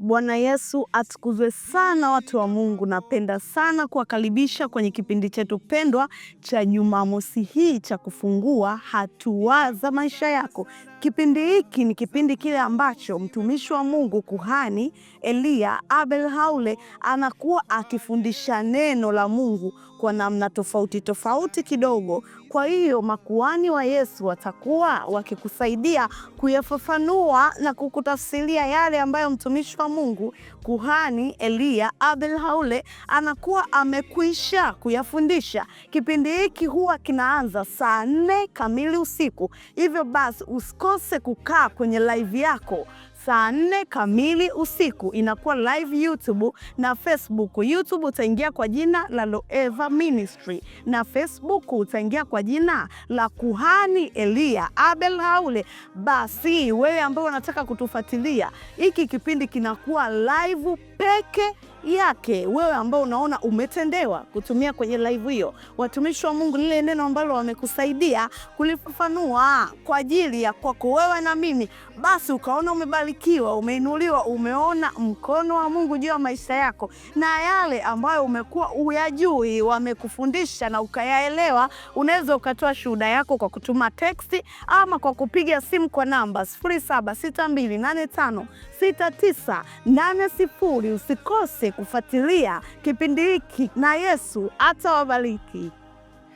Bwana Yesu atukuzwe sana, watu wa Mungu. Napenda sana kuwakaribisha kwenye kipindi chetu pendwa cha Jumamosi hii cha kufungua hatua za maisha yako. Kipindi hiki ni kipindi kile ambacho mtumishi wa Mungu kuhani Eliya Abel Haule anakuwa akifundisha neno la Mungu kwa namna tofauti tofauti kidogo. Kwa hiyo makuhani wa Yesu watakuwa wakikusaidia kuyafafanua na kukutafsiria yale ambayo mtumishi wa Mungu kuhani Eliya Abel Haule anakuwa amekwisha kuyafundisha. Kipindi hiki huwa kinaanza saa nne kamili usiku, hivyo basi usikose kukaa kwenye live yako saa nne kamili usiku inakuwa live YouTube na Facebook. YouTube utaingia kwa jina la Loeva Ministry na Facebook utaingia kwa jina la Kuhani Elia Abel Haule. Basi wewe ambaye unataka kutufuatilia, hiki kipindi kinakuwa live peke yake wewe ambao unaona umetendewa kutumia kwenye live hiyo, watumishi wa Mungu, lile neno ambalo wamekusaidia kulifafanua kwa ajili ya kwako wewe na mimi, basi ukaona umebarikiwa, umeinuliwa, umeona mkono wa Mungu juu ya maisha yako, na yale ambayo umekuwa uyajui wamekufundisha na ukayaelewa, unaweza ukatoa shuhuda yako kwa kutuma teksti ama kwa kupiga simu kwa namba 0762856980. Usikose usiache kufuatilia kipindi hiki, na Yesu atawabariki.